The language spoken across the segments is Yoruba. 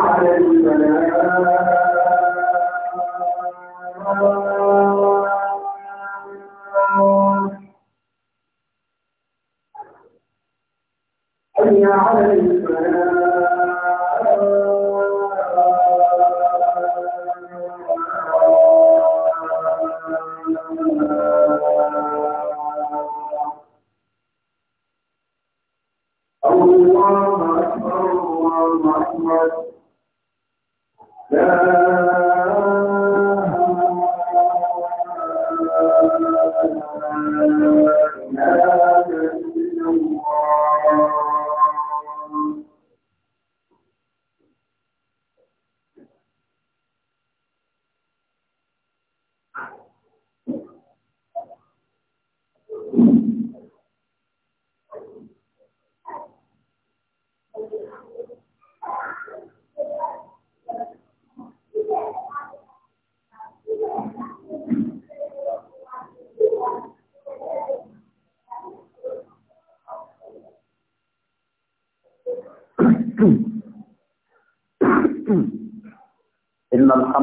على Gracias.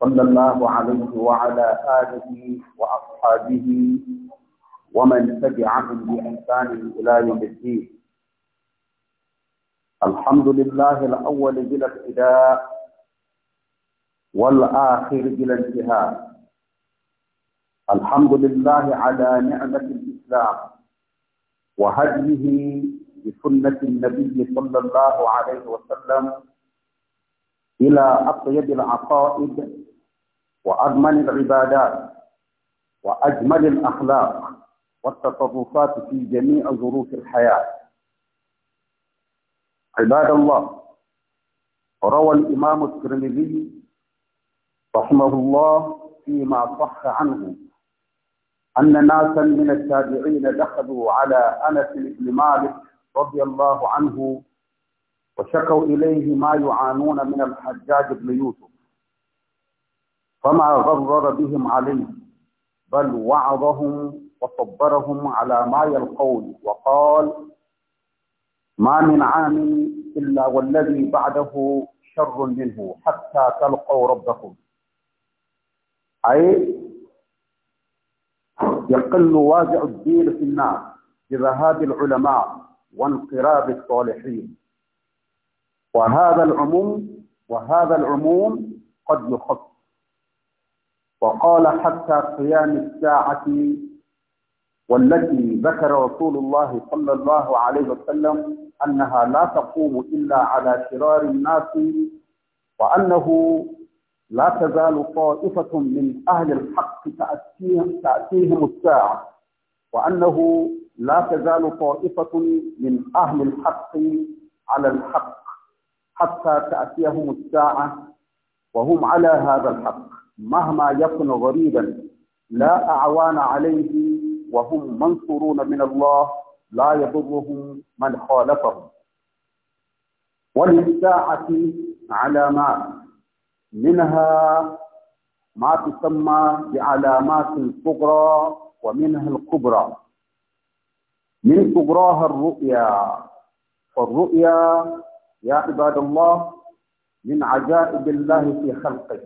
صلى الله عليه وعلى آله وأصحابه ومن تبعهم بإحسان إلى يوم الدين الحمد لله الأول بلا ابتداء والآخر بلا انتهاء الحمد لله على نعمة الإسلام وهديه بسنة النبي صلى الله عليه وسلم إلى أطيب العقائد وأضمن العبادات وأجمل الأخلاق والتصرفات في جميع ظروف الحياة عباد الله روى الإمام الترمذي رحمه الله فيما صح عنه أن ناسا من التابعين دخلوا على أنس بن مالك رضي الله عنه وشكوا إليه ما يعانون من الحجاج بن يوسف فما غرر بهم عليه بل وعظهم وصبرهم على ما يلقون وقال ما من عام إلا والذي بعده شر منه حتى تلقوا ربكم أي يقل واجع الدين في الناس بذهاب العلماء وانقراض الصالحين وهذا العموم وهذا العموم قد يخص وقال حتى قيام الساعة والتي ذكر رسول الله صلى الله عليه وسلم أنها لا تقوم إلا على شرار الناس وأنه لا تزال طائفة من أهل الحق تأتيهم, تأتيهم الساعة وأنه لا تزال طائفة من أهل الحق على الحق حتى تأتيهم الساعة وهم على هذا الحق مهما يكن غريبا لا أعوان عليه وهم منصورون من الله لا يضرهم من خالفهم وللساعة علامات منها ما تسمى بعلامات صغرى ومنها الكبرى من صغراها الرؤيا فالرؤيا يا عباد الله من عجائب الله في خلقه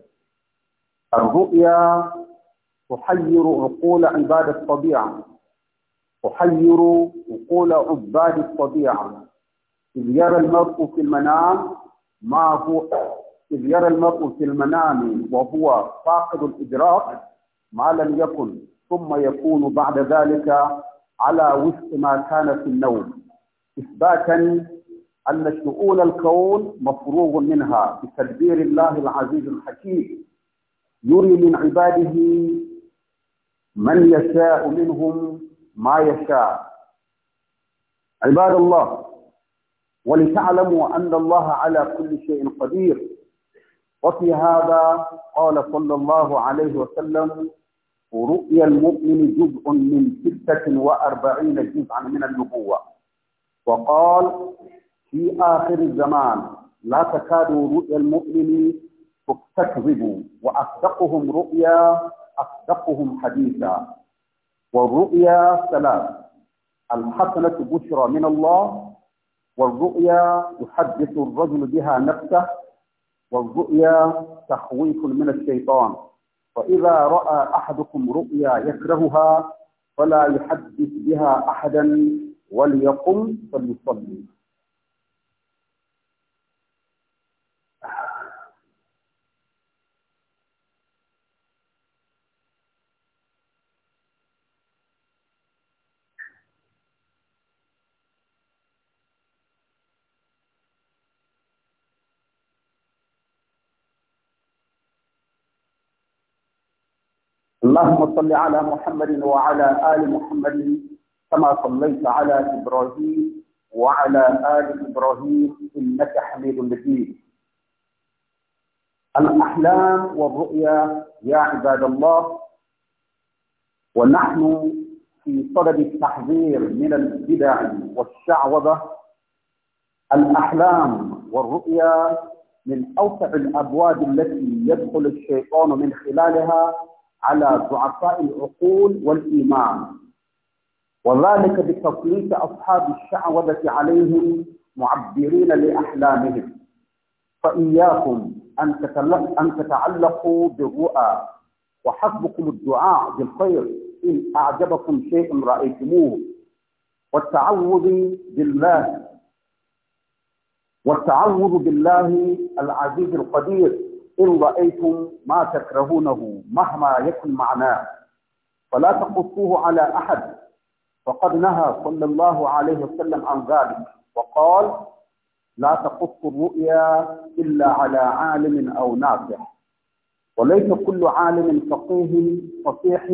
الرؤيا تحير عقول عباد الطبيعة تحير عقول عباد الطبيعة إذ يرى المرء في المنام ما هو إذ يرى المرء في المنام وهو فاقد الإدراك ما لم يكن ثم يكون بعد ذلك على وفق ما كان في النوم إثباتا أن شؤون الكون مفروغ منها بتدبير الله العزيز الحكيم يري من عباده من يشاء منهم ما يشاء عباد الله ولتعلموا أن الله على كل شيء قدير وفي هذا قال صلى الله عليه وسلم رؤيا المؤمن جزء من ستة وأربعين جزءا من النبوة وقال في آخر الزمان لا تكاد رؤيا المؤمن تكذبوا وأصدقهم رؤيا أصدقهم حديثا والرؤيا ثلاث الحسنة بشرى من الله والرؤيا يحدث الرجل بها نفسه والرؤيا تخويف من الشيطان فإذا رأى أحدكم رؤيا يكرهها فلا يحدث بها أحدا وليقم فليصلي اللهم صل على محمد وعلى آل محمد كما صليت على إبراهيم وعلى آل إبراهيم إنك حميد مجيد الأحلام والرؤيا يا عباد الله ونحن في صدد التحذير من البدع والشعوذة الأحلام والرؤيا من أوسع الأبواب التي يدخل الشيطان من خلالها على ضعفاء العقول والإيمان وذلك بتسليط أصحاب الشعوذة عليهم معبرين لأحلامهم فإياكم أن أن تتعلقوا بالرؤى وحسبكم الدعاء بالخير إن أعجبكم شيء رأيتموه والتعوذ بالله والتعوذ بالله العزيز القدير إن رأيتم ما تكرهونه مهما يكن معناه فلا تقصوه على أحد فقد نهى صلى الله عليه وسلم عن ذلك وقال لا تقص الرؤيا إلا على عالم أو ناصح وليس كل عالم فقيه فصيح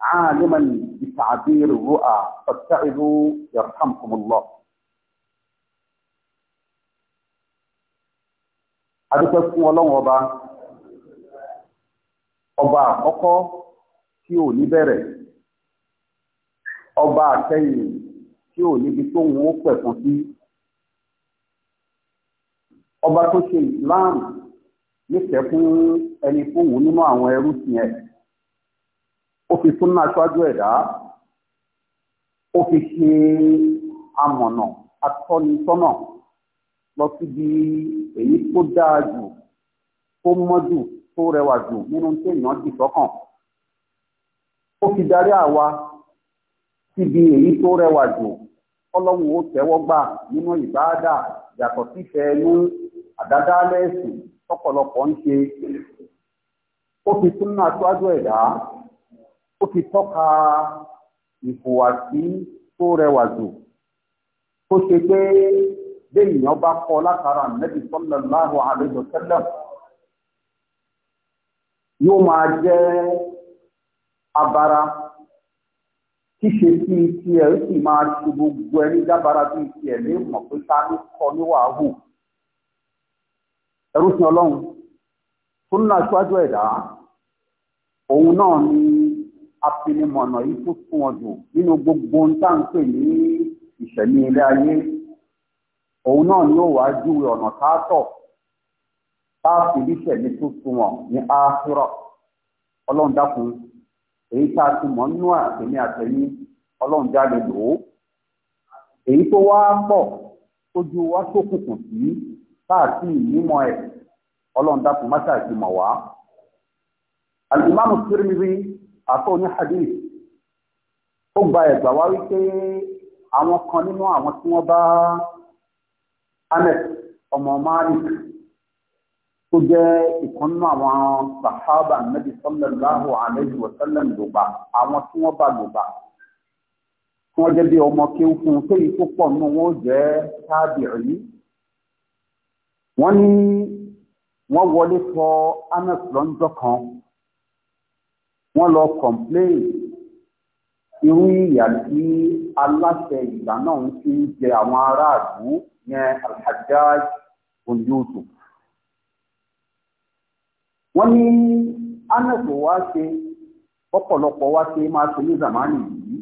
عالما بتعبير الرؤى فاتعظوا يرحمكم الله adúpẹ́ fún ọlọ́run ọba ọba àkọ́kọ́ tí ò ní bẹ̀rẹ̀ ọba àkẹyìn tí ò níbi tóun ó pẹ̀kún sí ọba tó ṣe Islam nífẹ̀ẹ́ fún ẹni fóun nínú àwọn ẹrú tiẹ̀ ó fi súnmọ́ aṣáájú ẹ̀dá ó fi ṣe amọ̀nà atọ́nisọ́nà. lọ síbi èyí tó dáa jù tó mọ́ jù tó rẹwà jù nínú tí èèyàn dì sọ́kàn ó fi darí àwa síbi èyí tó rẹwà jù ọlọ́run ó tẹ́wọ́ gbà nínú ìbáàdà yàtọ̀ sífẹ́ ní àdádálẹ̀ ẹ̀sìn tọ́pọ̀lọpọ̀ ń ṣe ó fi súnmọ́ aṣáájú fi tọ́ka ìhùwàsí tó rẹwà jù lẹ́yìn ọba kọ́ látara nẹ́bí sallallahu alaihi wasallam yóò máa jẹ́ abara ṣíṣe sí tiẹ̀ ó sì máa ṣe gbogbo ẹni dábara bí tiẹ̀ ní mọ̀ pé ká ló kọ́ ní wàhù ẹrú sin ọlọ́run tó ní aṣáájú ẹ̀dá òun náà ni afinimọ̀nà yìí tó fún ọ jù nínú gbogbo ohun tá à ń pè ní ìṣẹ̀lẹ̀ ilé ayé òun náà ni ó wá júwe ọ̀nà táàtọ̀ táàfì ríṣẹ̀ ní tuntun wọn ní áhírọ̀ ọlọ́run dákun èyí tá a ti mọ̀ nínú àtẹ̀mí ọlọ́run jáde lò ó èyí tó wá pọ̀ tójú wá ṣókùnkùn sí táàtì ìnímọ̀ ẹ̀ ọlọ́run dákun má ṣàìsí mọ̀ wá. àtọ́ ní hadith ó gba ẹ̀gbà wá wípé àwọn kan nínú àwọn tí wọ́n bá. Anas ọmọ Malik tó jẹ́ ìkan nínú àwọn sàhábà nàbì sallallahu alayhi wa sallam lògbà àwọn tí wọ́n bá lògbà tí wọ́n jẹ́ bí ọmọ kéwù fún un tó yìí tó pọ̀ nínú wọn ó jẹ́ tábìrì wọ́n ní wọ́n wọlé tọ̀ Anas lọ́njọ́ kan wọ́n lọ kọ̀m̀pléyìn irú ìyà tí aláṣẹ ìgbà náà ń fi ń jẹ àwọn aráàlú yẹn Al-Hajjaj ibn ní anẹ́tò wá ṣe ọ̀pọ̀lọpọ̀ wá ṣe máa ṣe ní zamani yìí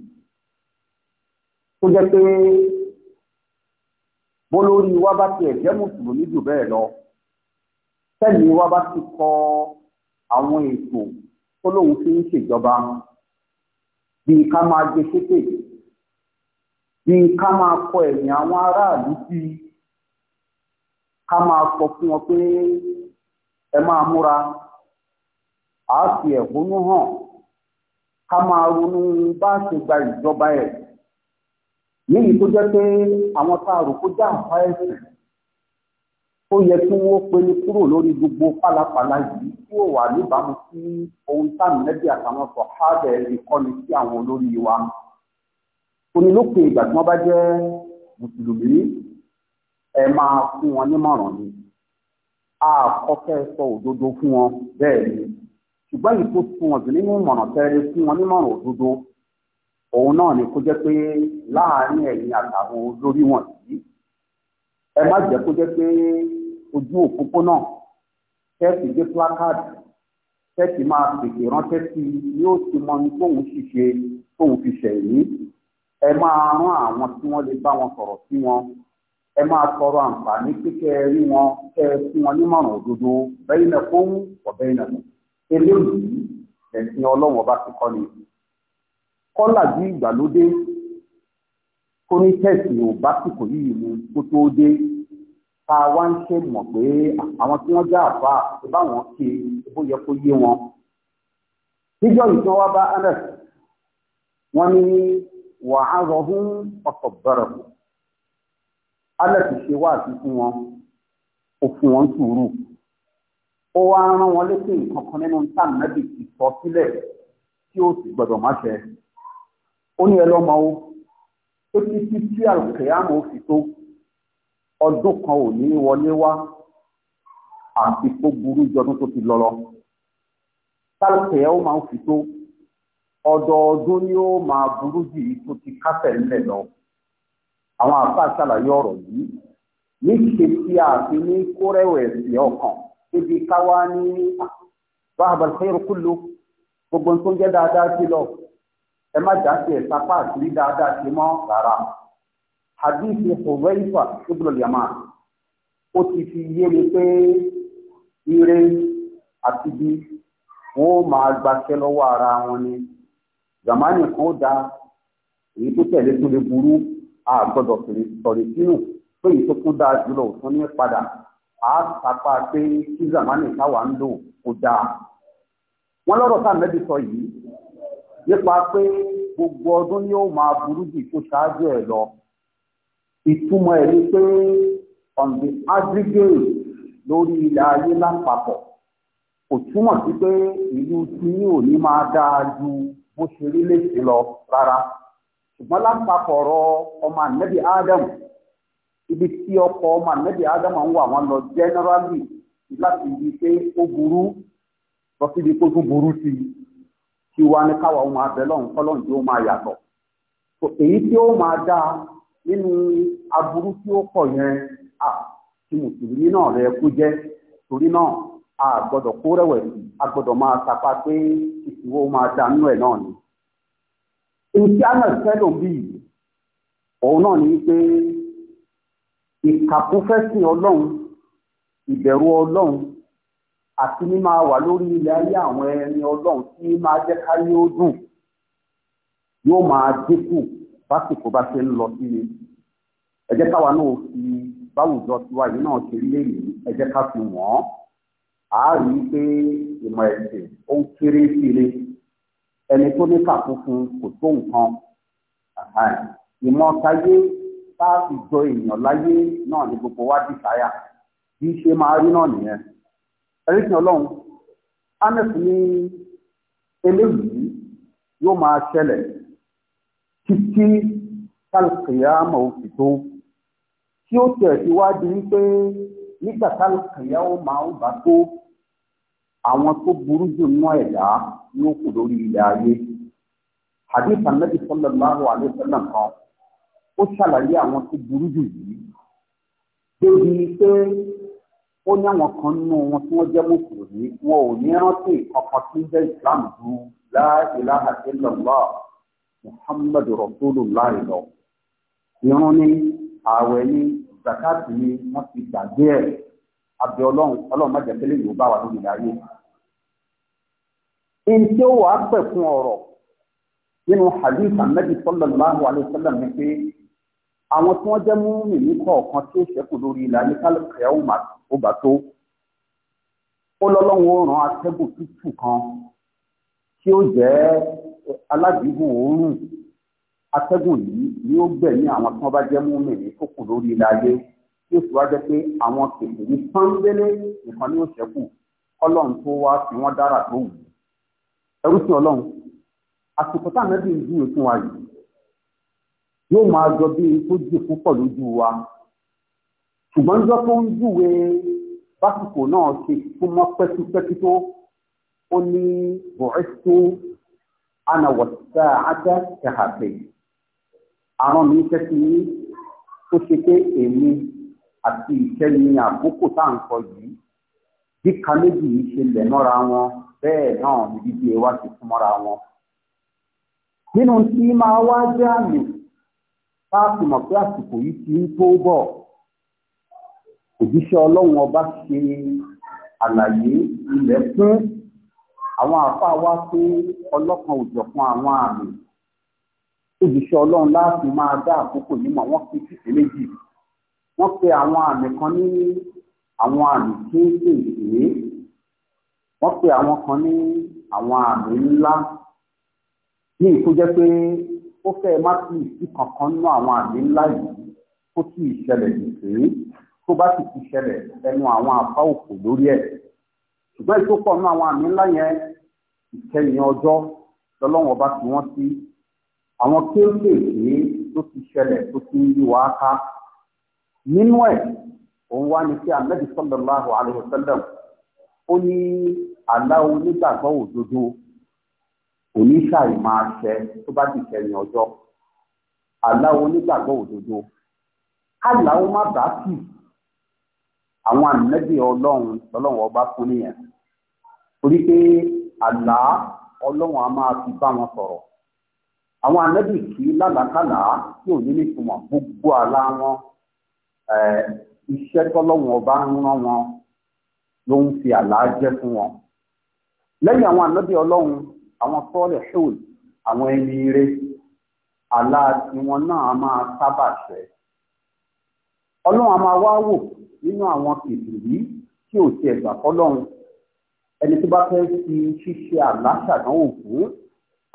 tó jẹ́ pé bólórí wa bá tiẹ̀ jẹ́ mùsùlùmí jù bẹ́ẹ̀ lọ sẹ́yìn wa bá ti kọ àwọn ètò tó lóun fi ń ṣèjọba wọn. bíi ká máa gbé ṣépè bíi ká máa kọ ẹ̀yìn àwọn aráàlú sí i ká máa sọ fún wọn pé ẹ máa múra á fi ẹ̀hónú hàn ká máa ronú bá ṣe gba ìjọba ẹ̀ níyì tó jẹ́ pé àwọn tá a rò kó já àpá ẹ̀sìn ó yẹ kí wọ́n pinnu kúrò lórí gbogbo pálapàla yìí tí ó wà níbàámu sí ohun táàmì lẹ́bí àtàwọn sọ̀hádẹ̀ ìkọ́ni sí àwọn olórí wa. onílòpè ìgbà tí wọ́n bá jẹ́ mùsùlùmí ẹ máa fún wọn nímọ̀ràn ni a kọ́kẹ́ sọ òdodo fún wọn bẹ́ẹ̀ ni ṣùgbọ́n yìí tó fún wọn jù nínú ìmọ̀ràn tẹ́lẹ̀ fún wọn nímọ̀ràn òdodo òun náà ni kó jẹ́ pé láàárín ẹ̀yin àtàwọn olórí wọn yìí ẹ má jẹ́ kó jẹ́ pé ojú òpópónà tẹ́ẹ̀tì gbé placard tẹ́ẹ̀tì máa tètè ránṣẹ́ sí i yóò ti mọ ní tóun ṣìṣe tóun fi ṣẹ̀yìn ẹ máa rán àwọn tí wọ́n lè bá wọn sọ̀rọ̀ sí wọn ẹ máa tọrọ àǹfààní kíkẹ́ rí wọn kẹ́ ẹ fún wọn nímọ̀ràn òdodo bẹ́yìn náà kó wù ọ̀bẹ́ yìí náà eléyìí ẹ̀sìn ọlọ́run ọba ti kọ́ ni kọ́là bí ìgbàlódé kó tẹ̀sí ò bá sì kò yìí mú kó dé tá a wá ń ṣe mọ̀ pé àwọn tí wọ́n já àfa tó bá wọn ṣe bó yẹ kó yé wọn. Níjọ́ yìí tí wọ́n wá bá Anas, wọ́n ní wàá rọ ọkọ̀ bẹ̀rẹ̀ kù. Anas ṣe wá àti fún wọn, ó fún wọn sùúrù. Ó wá rán wọn létí nǹkan kan nínú táàmù ti sọ sílẹ̀ tí ó sì gbọdọ̀ má ṣe. Ó ní ẹ lọ́mọ o, ó ti fi tí àlùkè àmọ́ ó fi tó. ọdún kan ò ní wọlé wá àti tó burú jọdún tó ti lọ lọ ó máa ń fi tó ọdọọdún ni ó máa burú jù yìí tó ti kásẹ̀ ńlẹ̀ lọ àwọn àbá ṣàlàyé ọrọ yìí níṣe tí a ní kórẹ̀wẹ̀sì ọkàn ibi káwá ní báàbà khairu gbogbo tó ń dáadáa sí lọ ẹ má sí sapá àti rí dáadáa sí rárá. Hadith Hudhaifa ibn al-Yaman ó ti fi yé mi pé ire àti ibi wọn máa gbaṣẹ́ lọ́wọ́ ara wọn ni zamani kan da èyí tó tẹ̀lé tó lè burú a gbọ́dọ̀ sọ̀rọ̀ sínú pé èyí tó tún dáa jùlọ òtún ní padà a sapa pé kí zamani táwa ń lò kó dáa wọn lọ́rọ̀ tá mẹ́bí sọ yìí nípa pé gbogbo ọdún yóò máa burú jù tó ṣáájú ẹ̀ lọ ìtumọ̀ ẹ̀ ni pé on the aggregate lórí ilẹ̀ ayé lápapọ̀ kò túmọ̀ sí pé ìlú ò ní máa dáa ju bó ṣe rí léṣe lọ rárá ṣùgbọ́n ibi tí ọkọ̀ ọmọ ànẹ́bí adam ń wà wọ́n lọ generally láti ibi pé ó burú lọ síbi tó burú sí i kí wá ní nínú aburú tí ó pọ̀ yẹn à tí mùsùlùmí náà rẹ kó jẹ́ torí náà a gbọ́dọ̀ kó rẹ̀wẹ̀sì a gbọ́dọ̀ máa sapá pé ìṣòwò máa dánú ẹ̀ náà ni. Nti ana bí bíi òun náà ní pé ìkàkúfẹ́sìn ọlọ́run ìbẹ̀rù ọlọ́run àti mímá wà lórí ilẹ̀ ayé àwọn ẹni ọlọ́run tí máa jẹ́ káyé ó dùn yóò máa dínkù fásitì bá ṣe ń lọ sí ni ẹ jẹ́ káwa náà fi báwùjọ tiwa yìí náà ṣe lé yìí ẹ jẹ́ ká fi wọ́n á rí i pé ìmọ̀ ẹ̀sìn ó ń kéré síre ẹni tó ní kàkúkún kò tó nǹkan ìmọ̀ táyé bá fi jọ èèyàn láyé náà ni gbogbo wa dì sáyà bí ṣe máa rí náà nìyẹn ẹ̀ríkìn ọlọ́run anes ní eléyìí yóò máa ṣẹlẹ̀ títí kálùkìyàmọ̀ òfì tó tí ó tẹ̀ sí wá di wípé nígbà kálùkìyàmọ̀ máa ń bá tó àwọn tó burú jù nú ẹ̀dá yóò kù lórí ilẹ̀ ayé hadith anabi sallallahu alayhi wa sallam kan ó ṣàlàyé àwọn tó burú jù yìí débi pé ó ní àwọn kan nínú wọn tí wọ́n jẹ́ mùsùlùmí wọn ò ní rántí ọkàn tí ń jẹ́ ìsìlámù ju la ilaha illallah محمد rasulullah الله irun يوني ààwẹ̀ ní zakati ní wọ́n ti الله ẹ̀ abẹ́ ọlọ́run ọlọ́run májẹ̀ pẹ́lẹ́ yóò bá wà lórí ayé. ẹni tí ó wàá pẹ̀ fún ọ̀rọ̀ nínú hadith anabi sallallahu alayhi wa sallam ni pé àwọn tí wọ́n jẹ́ múmi ní kọ̀ọ̀kan tí ó ṣẹ́kù lórí ilẹ̀ ayélujára ó bá tó ó lọ́lọ́run ó rán atẹ́gùn tútù kan tí ó jẹ́ aládùúgbò òórùn atẹ́gùn yìí ni ó gbẹ̀mí àwọn tí wọ́n bá jẹ́ mùmínì tó kù lórí ilẹ̀ ayé tí èsì wá jẹ́ pé àwọn kèké ní pọ́ńbélé nìkan ní òṣèkù ọlọ́run tó wá fi wọ́n dára tó wù ẹrú sí ọlọ́run àsìkò táwọn ẹbí ń dúró fún wa yìí yóò máa jọ bí tó jù púpọ̀ lójú wa ṣùgbọ́n níjọ́ tó ń júwe básìkò náà ṣe súnmọ́ pẹ́kípẹ́kí tó ó ní bọ̀ẹ́sì ana wọ̀tá ajá kẹhàpẹ̀. Àwọn mi fẹ́ ti ní tó ṣe pé èmi àti ìṣẹ́ ni àkókò tá à ka ṣe wá Nínú tá mọ̀ pé àsìkò yìí ti ń tó bọ̀. Òjíṣẹ́ Ọlọ́run ọba ṣe àlàyé àwọn àfa wa pé ọlọ́kan òjọ̀kan àwọn àmì òjìṣẹ́ ọlọ́run láti máa dá àkókò nímọ̀ wọ́n fi ṣìṣe méjì wọ́n pe àwọn àmì kan ní àwọn àmì kéékèèké wọ́n pe àwọn kan ní àwọn àmì ńlá ní ìkójẹ́ pé ó fẹ́ má sí ìsí kankan nínú àwọn àmì ńlá yìí kó tí ìṣẹ̀lẹ̀ nìkéé tó bá sì ti ṣẹlẹ̀ ẹnu àwọn àfa òkò lórí ẹ̀ ṣùgbọ́n ìtòpọ̀ nínú àwọn àmì ńlá yẹn ìkẹyìn ọjọ́ lọ́lọ́wọ́n bá ti wọ́n sí àwọn kéékèèké tó ti ṣẹlẹ̀ tó ti ń yí wàá ká nínú ẹ̀ òun wá ní kí Ànábì sallallahu alaihi wasallam ó ní aláwo nígbàgbọ́ òdodo oníṣàì máa ṣẹ tó bá ti kẹyìn ọjọ́ aláwo nígbàgbọ́ òdodo aláwo má bàá kì àwọn ànábì ọlọ́run lọ́lọ́run ọba fún nìyẹn torí pé àlá ọlọ́run a máa fi bá wọn sọ̀rọ̀ àwọn ànábì kì í lálàkàlà tí ò ní nítumọ̀ gbogbo àlá wọn iṣẹ́ tọ́lọ́wọ́n ọba ń wọn ló ń fi àlá jẹ́ fún wọn lẹ́yìn àwọn ànábì ọlọ́run àwọn sọ́ọ̀lẹ̀ ṣòwò àwọn ẹni eré àlá tiwọn náà máa sábà ọlọ́run a máa wá wò nínú àwọn kìtìrí tí ò ẹni tó bá fẹ́ fi ṣíṣe àlá ṣàdánwò fún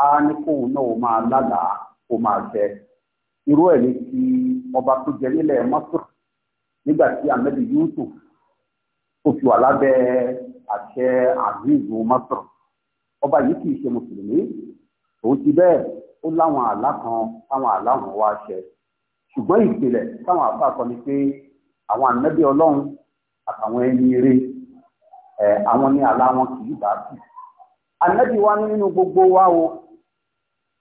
a ní kóun náà máa lálàá kó máa jẹ irú ẹ̀ ní ti ọba tó jẹ nílẹ̀ mọ́tò nígbà tí ahmed yusuf tó fi wà lábẹ́ àṣẹ azeez mọ́tò ọba yìí kì í ṣe mùsùlùmí òun ti bẹ́ẹ̀ ó láwọn àlá kan táwọn àlá wọn wá ṣẹ ṣùgbọ́n ìpìlẹ̀ táwọn àbá kan ni pé àwọn ànábì ọlọ́run àtàwọn ẹni eré ẹ àwọn ní àlá wọn kì í bá sí. ànábì wa nínú gbogbo wa o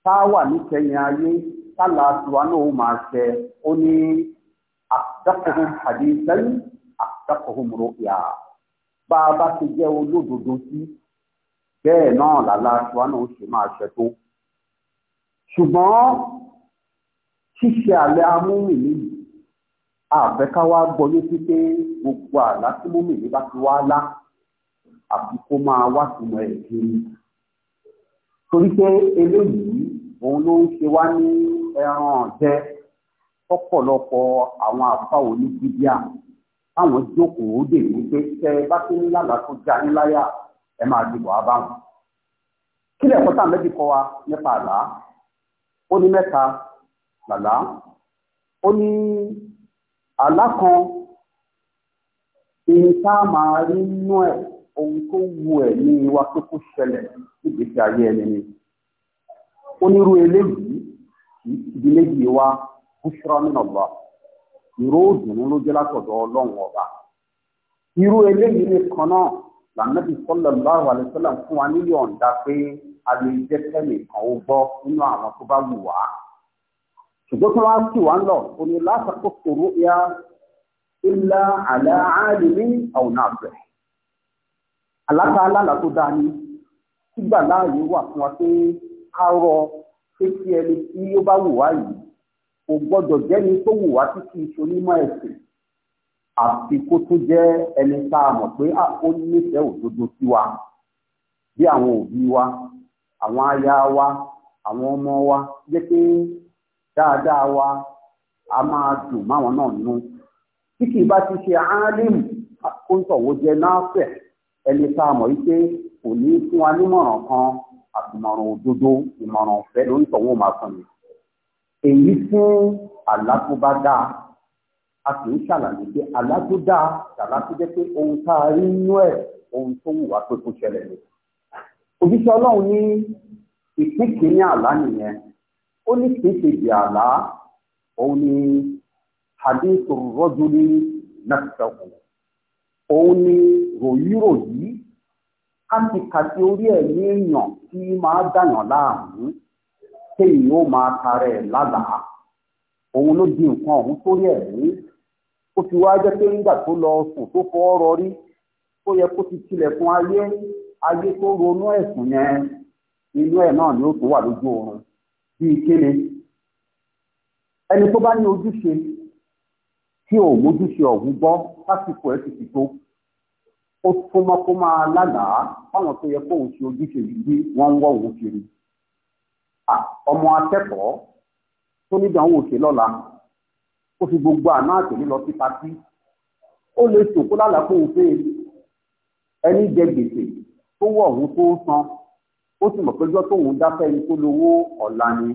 tá a wà níkẹyìn ayé tálà tiwa náà ó máa ṣe ó ní àdàkọ̀hún hadithan àdàkọ̀hún ru'ya bá a bá ti jẹ́ olódodo sí bẹ́ẹ̀ náà làlá tiwa náà ó ṣe máa ṣe tó. ṣùgbọ́n ṣíṣe àlẹ́ amúmìnì àfẹ́ká wa gbọ́yé sí pé gbogbo àlá tí múmìnì bá ti wá lá àfi kó máa wá túmọ̀ ẹ̀ kiri torí pé eléyìí òun ló ń ṣe wá ní ẹran ọ̀jẹ́ ọ̀pọ̀lọpọ̀ àwọn àfa onígbìdíà táwọn jókòó dè wípé tẹ ẹ bá ti ń lálàá tó já ní láyà ẹ máa dìbò á bá wọn. kí lẹ́ẹ̀kọ́ tá à ń lẹ́bi kọ́ wa nípa àlá ó ní mẹ́ta làlá ó ní àlá kan ìyìn tá a máa rí nínú ẹ̀ ohun tó wù ẹ̀ ní wa pé kó ṣẹlẹ̀ ìgbésí ayé ẹni ni onírú eléyìí ìdílé yìí wá bushra min Allah ìró òdùnnú ló jẹ́ látọ̀dọ̀ ọlọ́run ọba irú eléyìí nìkan náà lànàbí sallallahu alaihi wasallam fún wa nílé ọ̀ǹda pé a lè ó gbọ́ nínú àwọn tó bá wù wá ṣùgbọ́n tí wọ́n á sì wá ń lọ òní látàkó sòrò ya illa ala alimin aw nafi' alaka alala tó dáa ni sígbà láàyè wà fún wa pé ká rọ pé kí ẹni tí ó bá wù wá yìí kò gbọ́dọ̀ jẹ́ni tó wù wá tí kì í ṣonímọ̀ kó tó jẹ́ ẹni tá a mọ̀ pé ó nífẹ̀ẹ́ òdodo sí wa ti ṣe kó ń tọ̀wọ́ jẹ náà ẹni tá a mọ̀ wípé kò ní fún wa nímọ̀ràn kan àtìmọ̀ràn òdodo ìmọ̀ràn ọ̀fẹ́ lórí tọ̀wọ́ máa fún mi. èyí fún àlágbóbá dáa a kì í ṣàlàyé pé àlágbódà ṣàlàyé jẹ́ pé ohun tá a rí nínú ẹ̀ ohun tó wù wá pé kó ṣẹlẹ̀ ni. òjíṣẹ́ ọlọ́run ní ìpín kìíní àlá nìyẹn ó ní kìí ṣe ìdí àlá òun ni hadith rọ́júlì náà ṣẹ́kù. òun ni ròyíròyí kátìkàtì orí ẹ̀mí èèyàn tí máa dàyàn láàmú téèyàn ó máa tarẹ̀ lálàá òun ló di nǹkan ọ̀hún sórí ẹ̀mí ó ti wá jẹ́ pé nígbà tó lọ sùn tó fọ́ ọ̀rọ̀ rí ó yẹ kó ti tilẹ̀kùn ayé ayé tó ronú ẹ̀sùn yẹn inú ẹ̀ náà ni ó tó wà lójú oorun bíi kíni ẹni tó bá ní ojúṣe tí ò mójúṣe ọ̀hún gbọ́ lásìkò ẹ̀ ti tó ó súnmọ́ kó máa lálàá fáwọn tó yẹ kóun ṣe ojúṣe yìí bí wọ́n ń wọ́ òun kiri ọmọ akẹ́kọ̀ọ́ tó nídàáwò ṣe lọ́la ó fi gbogbo àná àtẹ̀lé lọ sí patí ó lè ṣòkó lálàá kóun fẹ́ ẹni jẹ gbèsè tó wọ̀ òun tó san ó sì mọ̀ pé ọjọ́ tóun dáfẹ́ ni tó lówó ọ̀la ni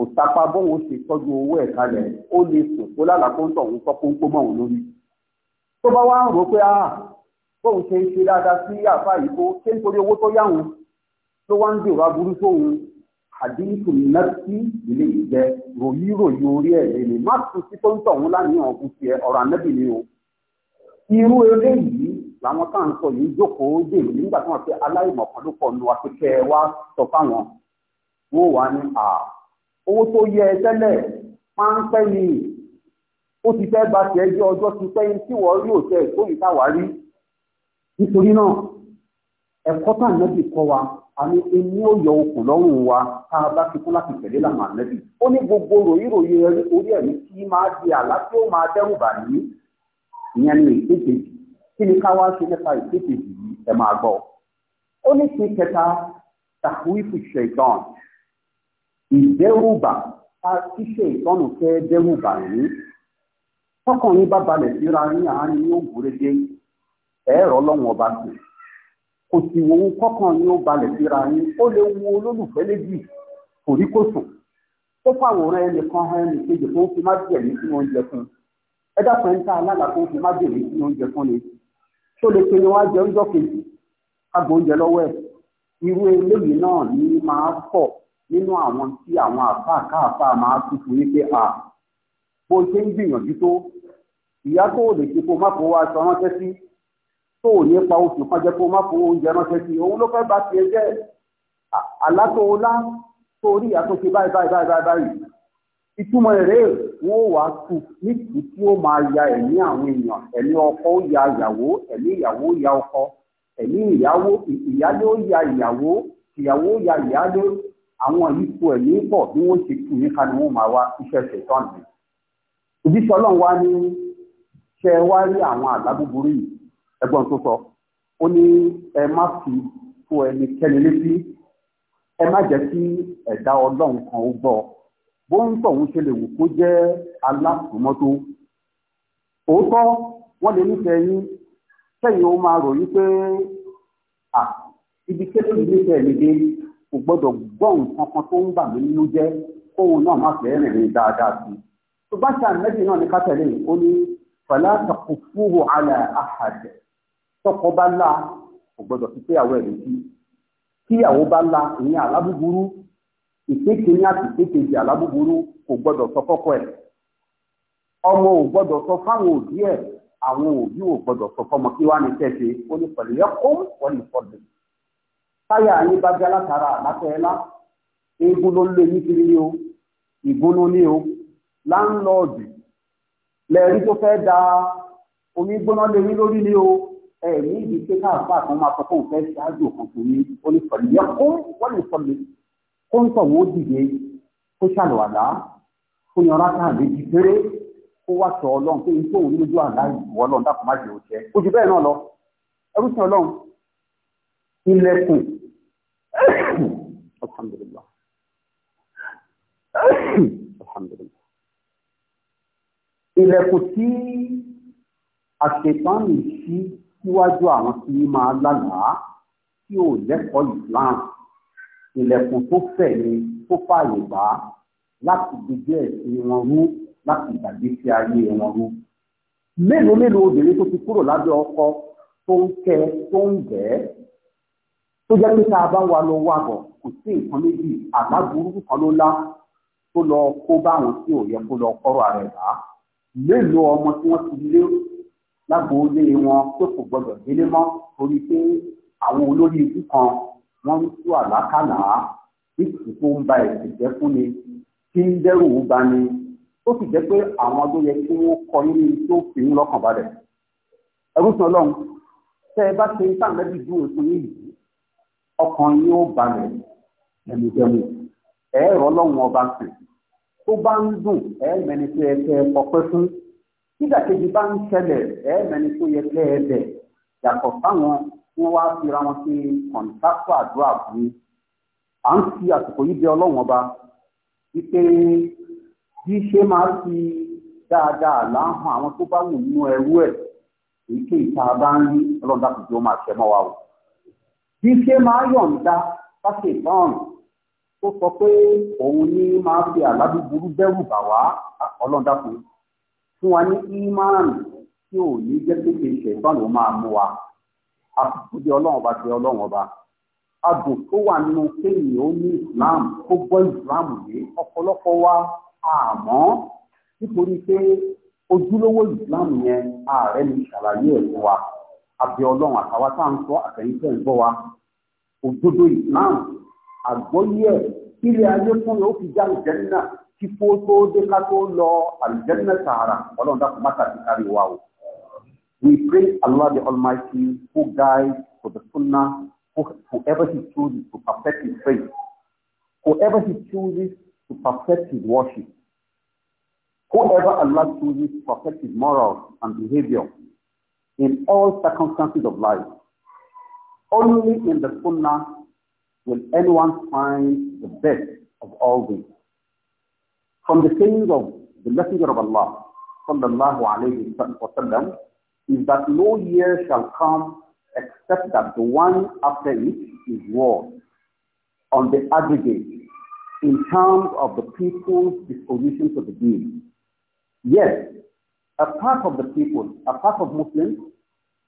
kò tapa bọ́wọ́ ṣe tọ́jú owó ẹ̀ kalẹ̀ ó lè sùn kó lálàá tó ń tọ̀ òun tọ́kó ń kó mọ́ òun lórí. tó bá wá ń rò pé a ah, bóun ṣe ń ṣe dáadáa sí àfa yìí tó ṣé nítorí owó tó yá òun ló wá ń dèrò aburú sóun àdínkù nẹ́tí ilé ìjẹ ròyíròyí orí ẹ̀ lè ní má tún sí tó ń tọ̀ òun láníyàn kù sí ẹ ọ̀rọ̀ ànẹ́bì ni o. irú eléyìí làwọn tá à ń sọ yìí jókòó dè nígbà tí wọ́n fi aláìmọ̀kan ló pọ̀ nu akẹ́kẹ́ wa sọ fáwọn wọ́n wà ní àà ah, owó tó yẹ ẹ tẹ́lẹ̀ máa ń pẹ́ ni ó ti fẹ́ gba tiẹ̀ jẹ́ ọjọ́ ti pẹ́ tí wọ́n rí òtẹ́ ìkóyè táwa rí nítorí náà ẹ̀kọ́ tá ànábì kọ́ wa àmì ẹni ó yọ okùn lọ́rùn wa tá a bá ti láti tẹ̀lé lànà ànábì ó ní gbogbo ròyìnròyìn orí ẹ̀mí tí máa di àlá tí ó máa dẹ́rù bà ní ìyẹn ní ìkékejì kí ni ká wá ṣe nípa ìkékejì yìí ẹ máa gbọ́ ó ní sí kẹta tàwífù ṣẹ̀gbọ́n ìdẹ́rùbà ṣíṣe ìtọ́nù fẹ́ dẹ́rùbà yìí tọkàn yín bá balẹ̀ síra yín àárín yóò gúrégé ẹ̀rọ ọlọ́run ọba sùn kò sì wo ohun kọ́kàn yín ó balẹ̀ síra yín ó lè wo olólùfẹ́ léjì kò rí kò sùn ó fàwòrán ẹnìkan hàn ẹnì kejì tó ń fi má díẹ̀ ní sínú oúnjẹ fún un ẹ dákun ẹ̀ ń a alága tó ń fi má díẹ̀ ní sínú oúnjẹ fún ni tó lè pe ni wọ́n á jẹ oúnjẹ kejì á gbọ́ lọ́wọ́ ẹ̀ irú eléyìí náà ní máa pọ̀ nínú àwọn tí àwọn àfa káàfa máa tún fún yín pé à bó ṣe ń gbìyànjú tó ìyá tó lè ṣe kó má fowó aṣọ ránṣẹ́ sí tó ò ní pa oṣù kan jẹ́ kó má fowó oúnjẹ ránṣẹ́ sí òun ló fẹ́ bá tiẹ̀ jẹ́ alátòólá torí ìyá tó ṣe báyìí báyìí báyìí báyìí ìtumọ̀ rẹ̀ wọ́n wàá tu nítìtì tí ó máa ya ẹ̀mí àwọn èèyàn ẹ̀mí ọkọ ya ìyàwó ẹ̀mí ìyàwó ya ọkọ ẹ̀mí ìyàwó ìyálé ó ya ìyàwó ìyàwó ya ìyálé àwọn ìyípo ẹ̀mí pọ̀ bí wọ́n ṣe kù nípa ni wọ́n máa wá iṣẹ́ ṣètọ́n mi. ìdíṣẹ́ ọlọ́run wá ní ṣe wá rí àwọn àlá búburú yìí ẹgbọ́n tó sọ ó ní ẹ má fi tó ẹnikẹ́ni létí ẹ má jẹ́ kí ẹ̀dá ọlọ́run kan ó gbọ́ bó ń tọ̀hún ṣe lè wù kó jẹ́ alákòómọ́tó òótọ́ wọ́n lè nífẹ̀ẹ́ yín sẹ́yìn ó máa ròyìn pé ibi kékeré nífẹ̀ẹ́ mi dé kò gbọ́dọ̀ gbọ́ nǹkan kan tó ń bà mí nínú jẹ́ kóun náà má fẹ́ rìnrìn dáadáa sí i tó bá ṣe àmẹ́bí náà ní kátàlẹ́ e, ó ní fàlà tàkù fúhù àlà àhàjẹ tọkọ bá la kò gbọ́dọ̀ fi péyàwó ẹ̀ létí kíyàwó bá la ìyẹn alábúburú ìpékinní àti ìpékejì alábúburú kò gbọ́dọ̀ sọ fọ́kọ ẹ̀ ọmọ ò gbọ́dọ̀ sọ fáwọn òbí ẹ̀ àwọn òbí ò gbọ́dọ̀ sọ fọmọ kí wàá ní kẹsẹ ó ní pẹ̀lú yẹ kó wọlé fọdùn táyà anyị bá jẹ́ látara àbátẹ́ ẹlá eégún ló ń lé nítorí o ìgbóná o láńlọ́ọ̀dù lẹ́ẹ̀rí tó fẹ́ da omi gbóná ní lórí ní o ẹ̀mí ìdí pé káàpá kan máa sọ fún òfẹ́ ṣáájú òkan tó ní onífọ̀lẹ́ yẹ kó wọ́n lè sọ̀lẹ̀ kó ń tọ̀ dìde kó kó yanra péré kó wá sọ ọlọ́run pé òun àlá ìwọ́ ọlọ́run má ilẹ̀kùn alhamdulillah alhamdulillah ilẹ̀kùn tí àṣetánì sí síwájú àwọn tí máa lálàá tí ò lẹ́kọ̀ọ́ Islam ilẹ̀kùn tó fẹ̀ ni tó fààyè gbà láti gbèjẹ́ ẹ̀sìn wọn rú láti gbàgbé sí ayé wọn rú mélòó mélòó obìnrin tó ti kúrò lábẹ́ ọkọ tó ń kẹ́ tó ń bẹ́ẹ̀ tó jẹ́ pé tá a bá wa lọ wà bọ̀ kò sí nǹkan méjì àbá burúkú kan ló lá tó lọ kó báwọn tí ò yẹ kó lọ kọ́rọ̀ rẹ̀ bá mélòó ọmọ tí wọ́n ti lé lágbóolé wọn tó kò gbọdọ̀ délé mọ́ torí pé àwọn olórí ikú kan wọ́n ń tú àlákàlà nítorí tó ń ba ẹ̀sìn jẹ́ fún ni kí ń dẹ́rù ó bá ni ó sì jẹ́ pé àwọn tó yẹ kí wọ́n kọ nínú tó fi ń lọ́kàn balẹ̀ ẹrú sọ lọ́hùn tẹ́ ẹ bá ṣe sáàmẹ́bí dúró fún yín yìí ọkàn yóò balẹ̀ ẹnìjẹmú ẹ̀rọ ọlọ́run ọba sìn tó bá ń dùn ẹ̀ẹ́mẹni tó yẹ kẹ́ ẹ kọpẹ́ fún nígbàkejì bá ń ṣẹlẹ̀ ẹ̀ẹ́mẹni tó yẹ kẹ́ ẹ bẹ̀ yàtọ̀ fáwọn tí wọ́n wá fira wọn sí kọ̀ǹtàkọ̀ àdúrà fún à ń fi àsìkò yìí bẹ ọlọ́run ọba wípé bí ṣe máa fi dáadáa láhùn àwọn tó bá wù nínú ẹrú ẹ̀ èyíkéyìí tá a bá ń rí ọlọ́run máa ṣẹ mọ́ wa o bí ṣe máa yọ̀ǹda sáfì náà tó sọ pé òun ní máa fi àlábùburú bẹ́rù bà wá ọlọ́dàkùn fún wa ní ímánì tí ò ní jẹ́ kéde ṣẹ̀gbọ́n ló máa mú wa àtúntò ọlọ́run ọba ti ọlọ́run ọba adùn tó wà nínú kéèyàn ó ní Islam tó gbọ́ Islam yé ọ̀pọ̀lọpọ̀ wa àmọ́ nítorí pé ojúlówó Islam yẹn ààrẹ ní ṣàlàyé ẹ̀ fún wa abẹ ọlọ́run àtàwa tá à ń sọ àtẹ̀yìntẹ̀ ń gbọ́ wa òdodo islam àgbọ́yé ẹ̀ ayé fún mi fi já àlùjẹ́nà kí kó dé ká tó lọ àlùjẹ́nà sàárà ọlọ́run dákun má tàbí kárí wa o. We pray Allah the Almighty who guides for the sunnah who, whoever he chooses to perfect his faith whoever he chooses to perfect his worship whoever Allah chooses to perfect his morals and behavior in all circumstances of life. Only in the Sunnah will anyone find the best of all these. From the saying of the Messenger of Allah, sallallahu alayhi wasallam, is that no year shall come except that the one after it is worse. on the aggregate in terms of the people's disposition to the deen. Yes, a part of the people, a part of Muslims,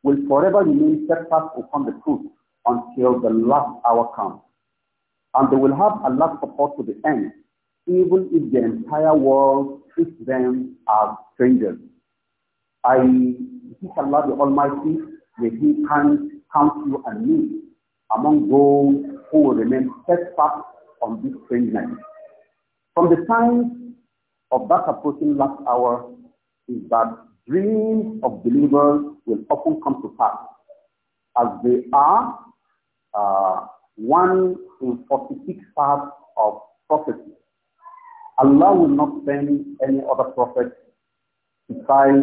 will forever remain steadfast upon the truth until the last hour comes. And they will have Allah's support to the end, even if the entire world treats them as strangers. I seek Allah the Almighty that He can count you and me among those who will remain steadfast on this strangeness. From the time of that approaching last hour, is that dreams of believers will often come to pass as they are uh, one in 46 parts of prophecy. Allah will not send any other prophet besides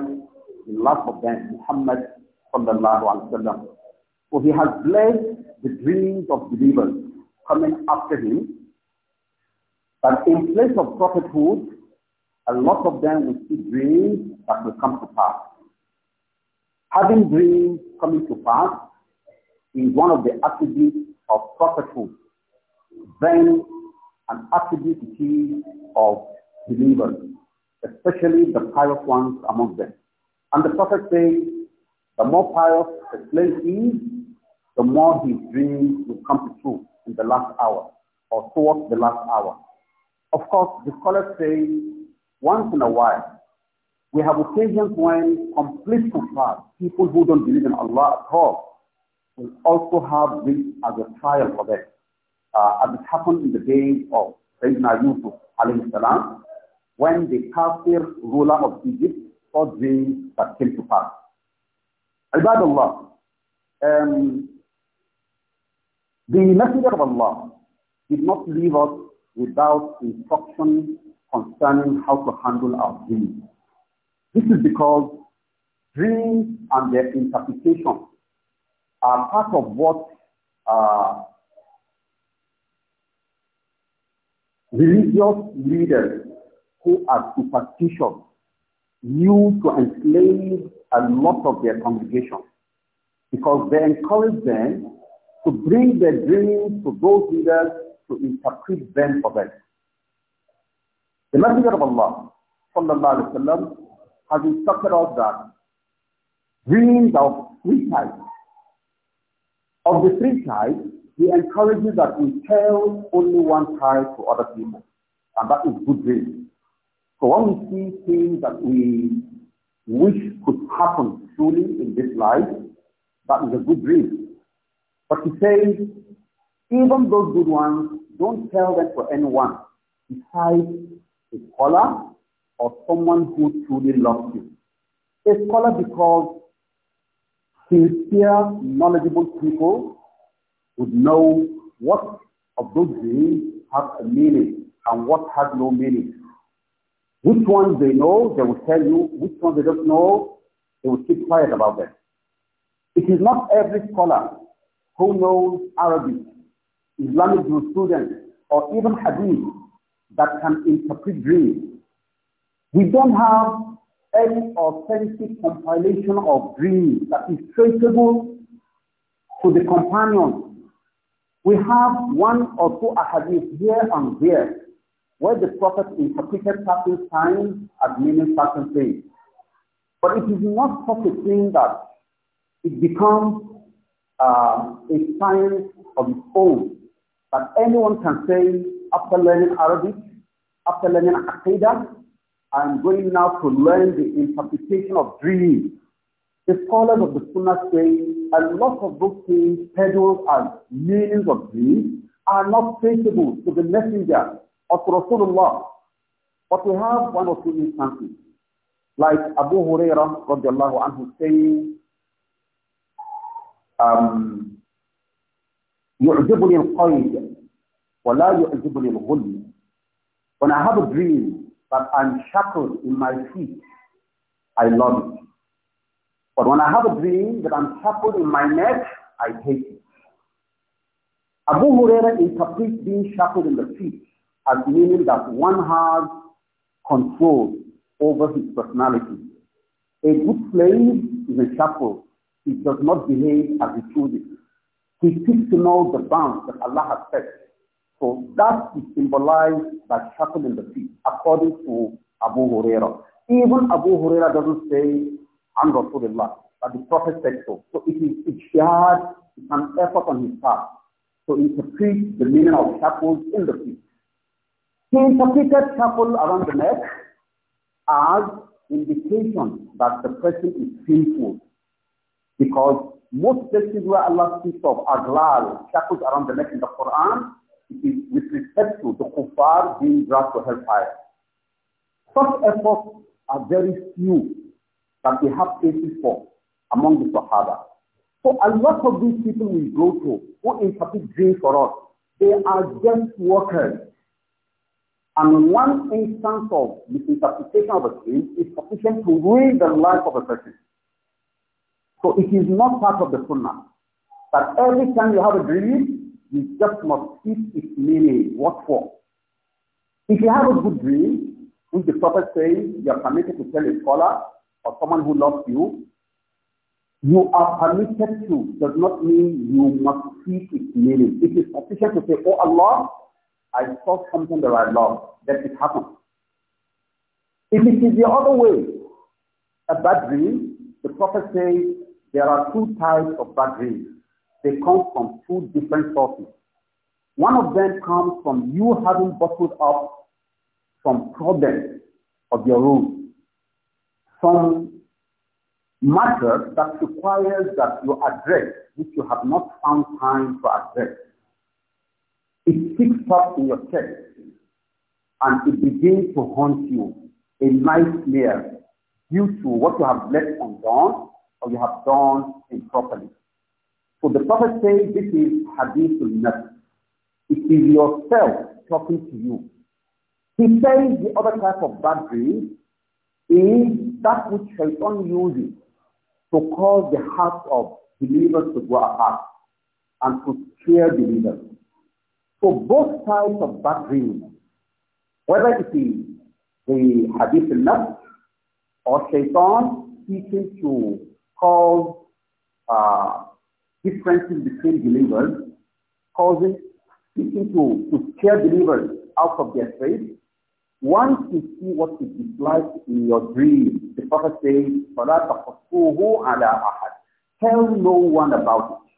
the last of them, Muhammad sallallahu alaihi wasallam. For he has blessed the dreams of believers coming after him, but in place of prophethood, a lot of them will see dreams that will come to pass. Having dreams coming to pass is one of the attributes of prophethood. Then an attribute is of believers, especially the pious ones among them. And the prophet says, the more pious a slave is, the more his dreams will come to true in the last hour or towards the last hour. Of course, the scholars say once in a while, we have occasions when complete kuffar, people who don't believe in Allah at all, will also have this as a trial for them. Uh, as it happened in the days of Sayyidina Yusuf alayhi salam, when the kafir ruler of Egypt saw dreams that came to pass. Ibadullah, um, the Messenger of Allah did not leave us without instruction concerning how to handle our dreams. This is because dreams and their interpretation are part of what uh, religious leaders who are superstitious knew to enslave a lot of their congregation because they encourage them to bring their dreams to those leaders to interpret them for them. The Messenger of Allah sallallahu wasallam, has instructed us that dreams of three types. Of the three types, he encourages that we tell only one type to other people, and that is good dreams. So when we see things that we wish could happen truly in this life, that is a good dream. But he says, even those good ones, don't tell them for anyone besides a scholar or someone who truly loves you. A scholar because sincere, knowledgeable people would know what of those things have a meaning and what has no meaning. Which ones they know, they will tell you. Which ones they don't know, they will keep quiet about them. It is not every scholar who knows Arabic, Islamic jurisprudence, students, or even Hadith that can interpret dreams. We don't have any authentic compilation of dreams that is traceable to the companions. We have one or two ahadith here and there where the Prophet interpreted certain signs as meaning certain things. But it is not such a thing that it becomes uh, a science of its own that anyone can say after learning Arabic, after learning Aqidah, I'm going now to learn the interpretation of dreams. The scholars of the Sunnah say a lot of those things, titles and meanings of dreams are not traceable to the messenger or to Rasulullah. But we have one or two instances, like Abu Hurairah radiallahu anhu saying, um, يعجبني القيد when I have a dream that I'm shackled in my feet, I love it. But when I have a dream that I'm shackled in my neck, I hate it. Abu Huraira interprets being shackled in the feet as meaning that one has control over his personality. A good slave is a shackle. He does not behave as he chooses. He seeks to know the bounds that Allah has set so that is symbolized by shackled in the feet, according to Abu Huraira. Even Abu Huraira doesn't say, the Rasulullah, but the Prophet said so. So it is ijtihad, it's an effort on his part to interpret the meaning of shackles in the feet. He interpreted shackles around the neck as indication that the person is sinful. Because most places where Allah speaks of aglal, shackles around the neck in the Quran, it is with respect to the kuffar being brought to hellfire. Such efforts are very few that we have cases for among the Sahaba. So a lot of these people we go to, who interpret dreams for us, they are just workers. And one instance of misinterpretation of a dream is sufficient to ruin the life of a person. So it is not part of the sunnah. But every time you have a dream, You just must keep its meaning. What for? If you have a good dream, which the prophet says you are permitted to tell a scholar or someone who loves you, you are permitted to does not mean you must keep its meaning. It is sufficient to say, Oh Allah, I saw something that I love. That it happened. If it is the other way, a bad dream, the Prophet says there are two types of bad dreams they come from two different sources. One of them comes from you having bottled up some problems of your own, some matter that requires that you address, which you have not found time to address. It sticks up in your chest and it begins to haunt you, a nightmare due to what you have left undone or you have done improperly. So the Prophet says this is hadithul nafs. It is yourself talking to you. He says the other type of bad dream is that which Shaitan uses to cause the hearts of believers to go apart and to scare believers. So both types of bad dreams, whether it is the hadith al-nafs or shaitan seeking to cause uh, differences between believers, causing people to, to scare believers out of their faith. Once you see what it is like in your dream, the Prophet says, Tell no one about it.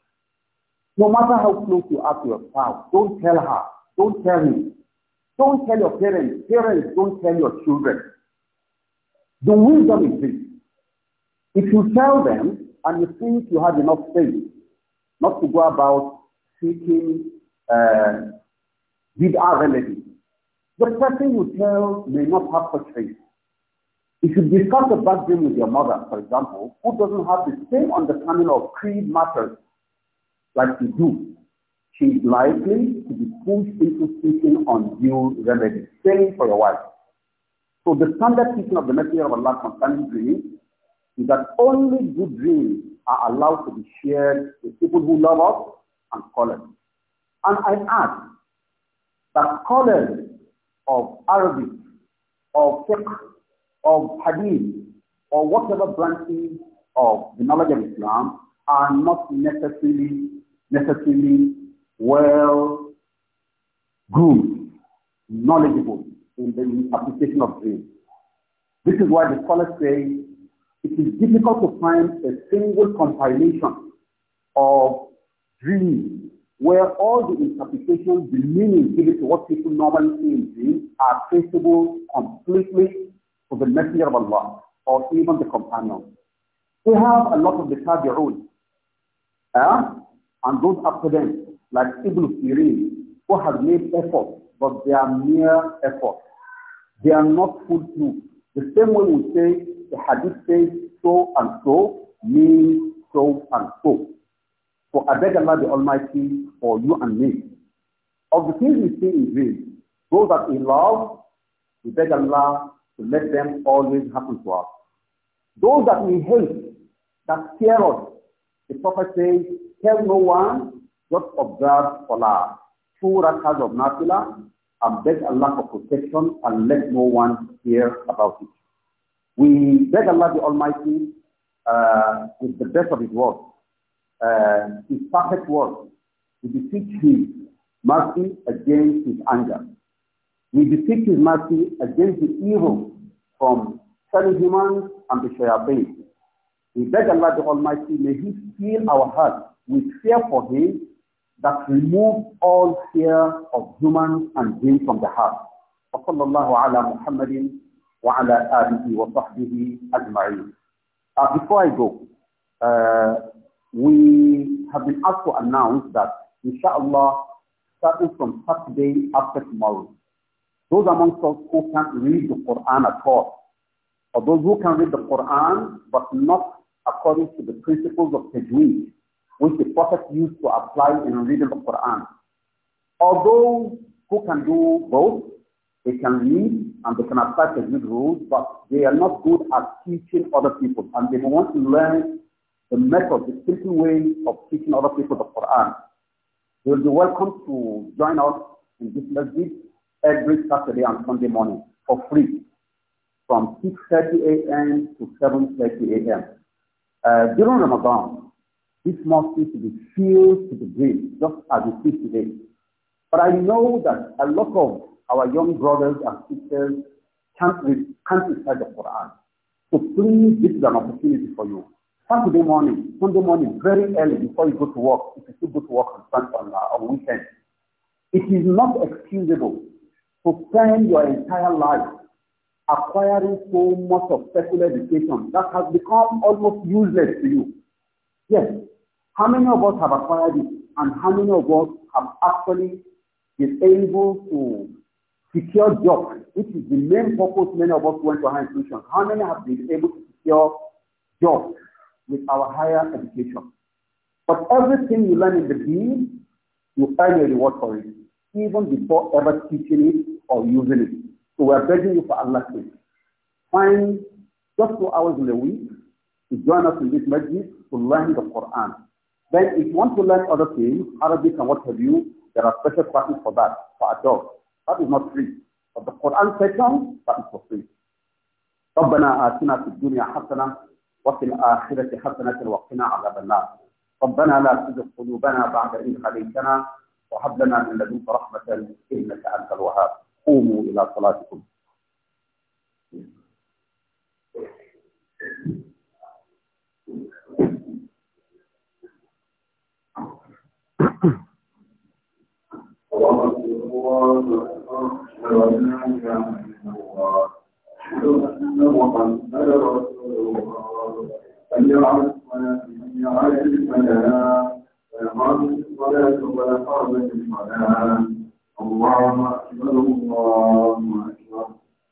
No matter how close you are to your spouse, don't tell her, don't tell me. Don't tell your parents, parents don't tell your children. The wisdom is this. If you tell them and you think you have enough faith, not to go about seeking uh, bid'ah remedy. The person you tell may not have a faith. If you discuss a bad dream with your mother, for example, who doesn't have the same understanding of creed matters like you do, she is likely to be pushed into seeking on undue remedy. Same for your wife. So the standard teaching of the Messenger of Allah concerning dreams is that only good dreams are allowed to be shared with people who love us and us. And I add that scholars of Arabic, of fiqh, of hadith, or whatever branches of the knowledge of Islam are not necessarily necessarily well groomed, knowledgeable in the application of dreams. This is why the scholars say it is difficult to find a single compilation of dreams where all the interpretations, the meaning given to what people normally see in dreams are traceable completely to the Messenger of Allah or even the companions. We have a lot of the Tabi'un eh? and those after them, like Ibn Sirin, who have made efforts, but they are mere efforts. They are not foolproof. The same way we say the hadith says so and so means so and so. So I beg Allah the Almighty for you and me. Of the things we see in dreams, those that we love, we beg Allah to let them always happen to us. Those that we hate, that scare us, the Prophet says, tell no one, just observe Salah. Two rakas of Nafila, and beg Allah for protection and let no one hear about it. We beg Allah the Almighty uh, with the best of His word, uh, His perfect word, to beseech His mercy against His anger. We beseech His mercy against the evil from fellow humans and the shayateen. We beg Allah the Almighty, may He fill our hearts with fear for Him that removes all fear of humans and jinn from the heart. وصلى الله على محمد وعلى آله وصحبه أجمعين. Uh, before I go, uh, we have been asked to announce that, inshallah, starting from Saturday after tomorrow, those amongst us who can't read the Quran at all, or those who can read the Quran but not according to the principles of Tajweed, which the Prophet used to apply in reading the Quran. Although who can do both, they can read and they can apply the good rules, but they are not good at teaching other people. And they want to learn the method, the simple way of teaching other people the Quran. You will be welcome to join us in this masjid every Saturday and Sunday morning for free from 6.30 a.m. to 7.30 a.m. Uh, during Ramadan, this must be to be filled to the brim, just as it is today. But I know that a lot of our young brothers and sisters can't read, can't recite the Quran. So please, this is an opportunity for you. Saturday morning, Sunday morning, very early before you go to work, if you still go to work on Sunday on, uh, on weekend, it is not excusable to spend your entire life acquiring so much of secular education that has become almost useless to you. Yes, how many of us have acquired it and how many of us have actually been able to secure jobs, which is the main purpose many of us went to higher institutions. How many have been able to secure jobs with our higher education? But everything you learn in the field, you earn a reward for it, even before ever teaching it or using it. So we are begging you for Allah's sake. Find just two hours in the week to join us in this masjid to learn the Quran. Then if you want to learn other things, Arabic and what have you, there are special classes for that, for adults. That is not free. But the Quran section, that is for free. ربنا آتنا في الدنيا حسنة وفي الآخرة حسنة وقنا عذاب النار. ربنا لا تزغ قلوبنا بعد إذ هديتنا وهب لنا من لدنك رحمة إنك أنت الوهاب. قوموا إلى صلاتكم. Thank you. اللهم أكبر الله أكبر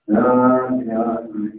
لا إله إلا